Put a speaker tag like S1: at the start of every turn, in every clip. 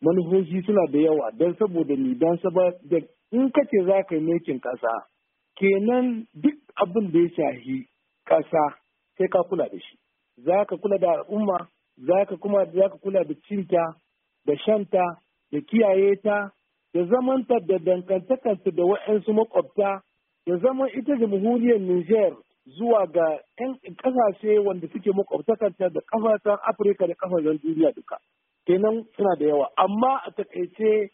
S1: manufofi suna da yawa don saboda ni don saboda in ka ce za ka yi mulkin ƙasa kenan duk abin da ya shahi ƙasa sai ka kula da shi za ka kula da al'umma za ka kuma za ka kula da cinta da shanta da kiyaye ta da zamanta da dangantakarta da wa'yansu makwabta da zaman ita jamhuriyar Niger zuwa ga 'yan ƙasashe wanda suke makwabtakarta da ƙasashen Afirka da ƙasashen duniya duka. kenan suna da yawa amma a takaice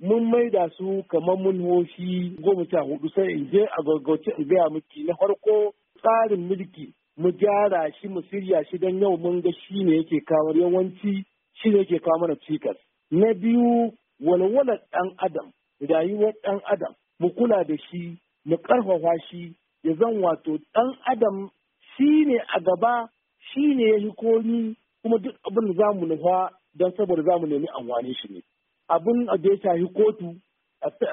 S1: mun maida su kamar mun hoshi goma sha hudu sai in je a gaggauce in gaya miki na farko tsarin mulki mu gyara shi mu shirya shi don yau mun ga shi ne yake kawo yawanci shi ne yake kawo mana cikas na biyu walwalar ɗan adam rayuwar ɗan adam mu kula da shi mu karfafa shi ya zan wato ɗan adam shi ne a gaba shi ne ya komi kuma duk abin da za mu nufa don saboda za mu nemi amfani shi ne abin da ya shahi kotu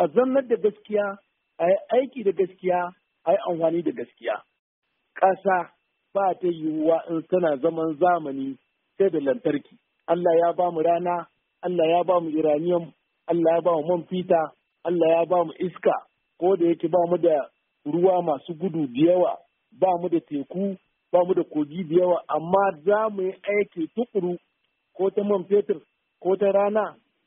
S1: a zannar da gaskiya a yi aiki da gaskiya a yi amfani da gaskiya ƙasa ba ta yiwuwa in tana zaman zamani sai da lantarki Allah ya ba mu rana Allah ya ba mu iraniyan Allah ya ba mu man fita Allah ya ba mu iska ko da yake ba mu da ruwa masu gudu da yawa ba mu da teku ba mu da kogi da yawa amma za mu yi aiki tukuru ko ta man fetur ko ta rana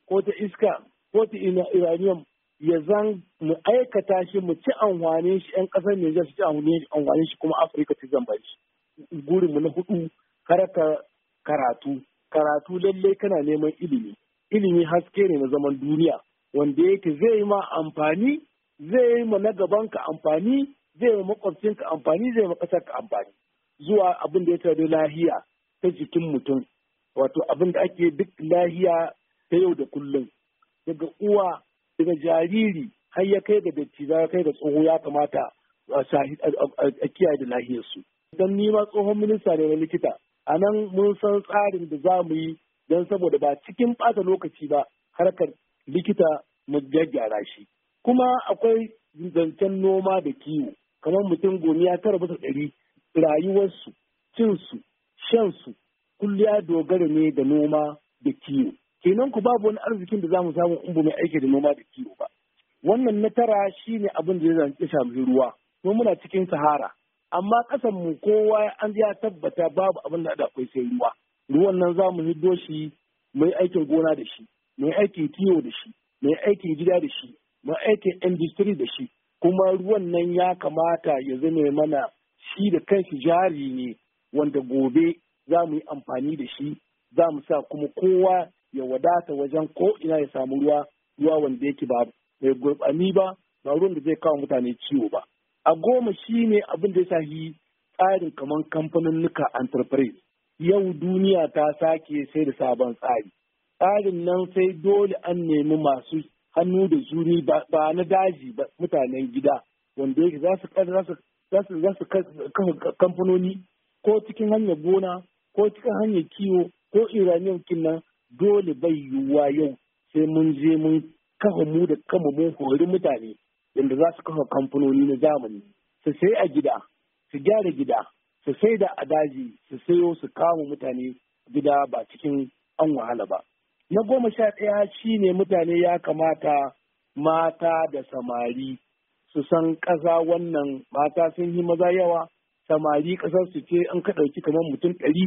S1: ko ta iska ko ta iranium ya zan mu aikata shi mu ci amfanin shi 'yan kasar Nijar su ci amfanin shi kuma Afirka ta zamba shi. Gurinmu na hudu karaka karatu. Karatu lallai kana neman ilimi. Ilimi haske ne na zaman duniya wanda yake zai yi ma amfani zai yi ma na gaban ka amfani zai yi makwabcinka amfani zai yi ma ka amfani. Zuwa abin da ya tare lahiya ta jikin mutum wato abin da ake duk lahiya ta yau da kullum daga uwa daga jariri har ya kai ga datti za kai ga tsoho ya kamata a kiyaye da lahiyarsu don nima tsohon minista ne na likita a nan mun san tsarin da za mu yi don saboda ba cikin ɓata lokaci ba harkar likita mu gyaggyara shi kuma akwai zancen noma da kiwo kamar mutum ya tara bisa ɗari rayuwarsu cinsu shansu Kulliya dogara ne da noma da kiwo kenan ku babu wani arzikin da zamu samu in ba mai aiki da noma da kiwo ba wannan na tara shine abin da ya shafi ruwa mu muna cikin sahara amma kasan mu kowa an ya tabbata babu abin da da akwai sai ruwa ruwan nan zamu hiddo shi mu yi aikin gona da shi mu yi aikin kiwo da shi mai aikin gida da shi mu aikin industry da shi kuma ruwan nan ya kamata ya zame mana shi da kanshi jari ne wanda gobe za mu yi amfani da shi za mu sa kuma kowa ya wadata wajen ko ina ya samu ruwa ruwa wanda yake ba mai gurbani ba ba ruwan da zai kawo mutane ciwo ba a goma shi ne abin da ya sa shi tsarin kamar kamfaninnuka enterprise yau duniya ta sake sai da sabon tsari tsarin nan sai dole an nemi masu hannu da zuri ba na daji ba mutanen gida wanda yake za su kafa kamfanoni ko cikin hanyar gona ko cikin hanyar kiwo ko iraniyan kinan dole bai yiwuwa yau sai mun je mun kafa mu da kama mun hori mutane yadda za su kafa kamfanoni na zamani su sai a gida su gyara gida su sai da a daji su sayo su kama mutane gida ba cikin an wahala ba na goma sha ɗaya shi ne mutane ya kamata mata da samari su san ƙasa wannan mata sun yi maza yawa samari kasar su ce an ka ɗauki kamar mutum ɗari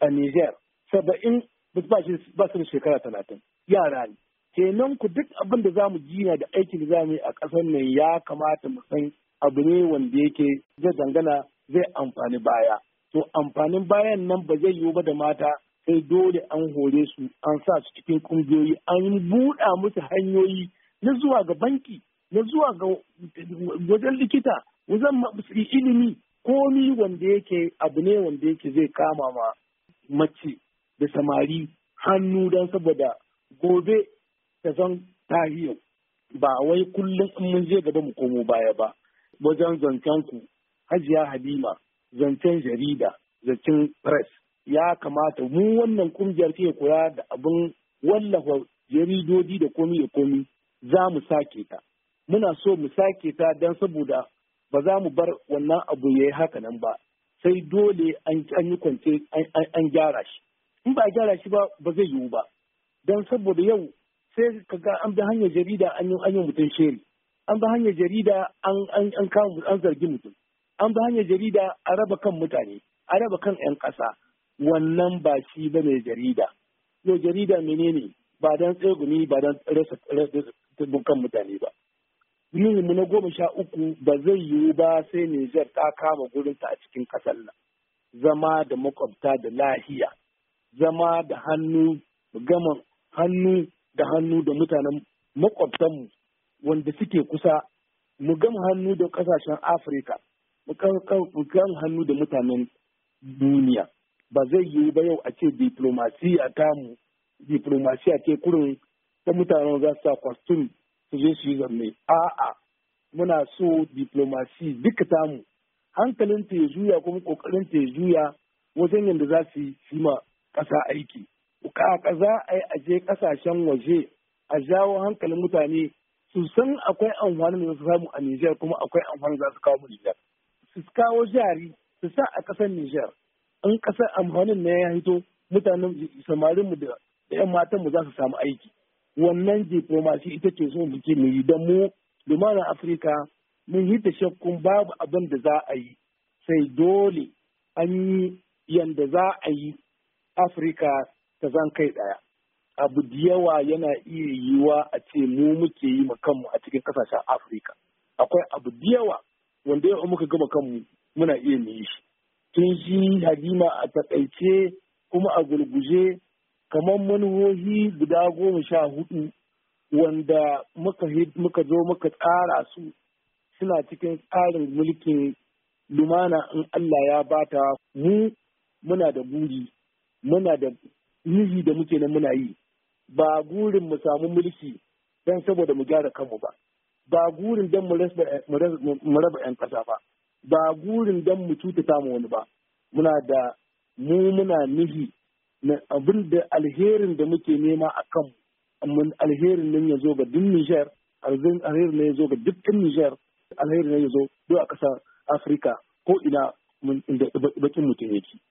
S1: a Niger saba'in ba su da shekara talatin yara ne. Kenan ku duk abin da za mu jina da aikin da a ƙasar nan ya kamata mu san abu ne wanda yake zai dangana zai amfani baya. To amfanin bayan nan ba zai yiwu ba da mata sai dole an hore su an sa su cikin kungiyoyi an buɗa musu hanyoyi na zuwa ga banki na zuwa ga wajen likita wajen ilimi komi wanda yake abu ne wanda yake zai kama ma mace da samari hannu don saboda gobe ta zan tahiyar ba wai kullum in mun je gaba mu komo baya ba wajen zancen ku hajiya halima zancen jarida zancen press ya kamata mu wannan kungiyar ke koya da abin wallafa jaridodi da komi da komi za mu sake ta muna so mu sake ta don saboda ba za mu bar wannan abu ya yi haka nan ba sai dole an yi kwance an gyara shi in ba a gyara shi ba ba zai yiwu ba don saboda yau sai ka ga an bi hanyar jarida an yi mutum sheri an bi hanyar jarida an an zargi mutum an bi hanyar jarida a raba kan mutane a raba kan 'yan ƙasa wannan ba shi ba mai jarida yau jarida menene ba don tsegumi ba don rasa kan mutane ba mu na goma sha uku ba zai yiwu ba sai Nijar ta kama gurinta a cikin ƙasar nan. Zama da makwabta da lahiya, zama da hannu gama hannu da hannu da mutanen makwabtanmu wanda suke kusa, mu gama hannu da ƙasashen Afirka, mu gama hannu da mutanen duniya. Ba zai yiwu ba yau a ce diplomasiya mu, diplomasiya ke kurin ta mutanen za su sa kwastum su je su yi zanne a'a muna so diplomasi duka tamu hankalin ta ya juya kuma kokarin ta ya juya wajen yadda za su yi ma ƙasa aiki kaka za a yi aje ƙasashen waje a jawo hankalin mutane su san akwai amfanin da su samu a Nijar kuma akwai amfanin za su kawo Nijar su kawo jari su sa a kasar Nijar in kasar amfanin na ya hito mutanen samarin mu da 'yan matan mu za su samu aiki wannan diplomasi ita ce so muke mu yi don mu lumana afirka mun yi da shakkun babu abin da za a yi sai dole an yi yadda za a yi afirka ta zan kai ɗaya abu da yawa yana iya yiwa a ce mu muke yi kanmu a cikin kasashen afirka akwai abu da yawa wanda yau muka gama kanmu muna iya mu yi shi tun shi hadima a taƙaice kuma a gurguje. kamar manuhohi guda goma sha hudu wanda muka zo muka tsara su suna cikin tsarin mulkin lumana in Allah ya bata mu muna da buri muna da nihi da muke nan muna yi ba gurin mu samu mulki don saboda mu gyara kanmu ba ba gurin don mu raba 'yan ƙasa ba ba gurin don mu cuta samu wani ba muna da mu muna nihi abin da alherin da muke nema a kan alherin nan ya zo ga duk Nijar, alherin nan ya zo ga dukkan Nijar, alherin nan ya zo duk a ƙasar Afirka ko ina bakin mutum yake.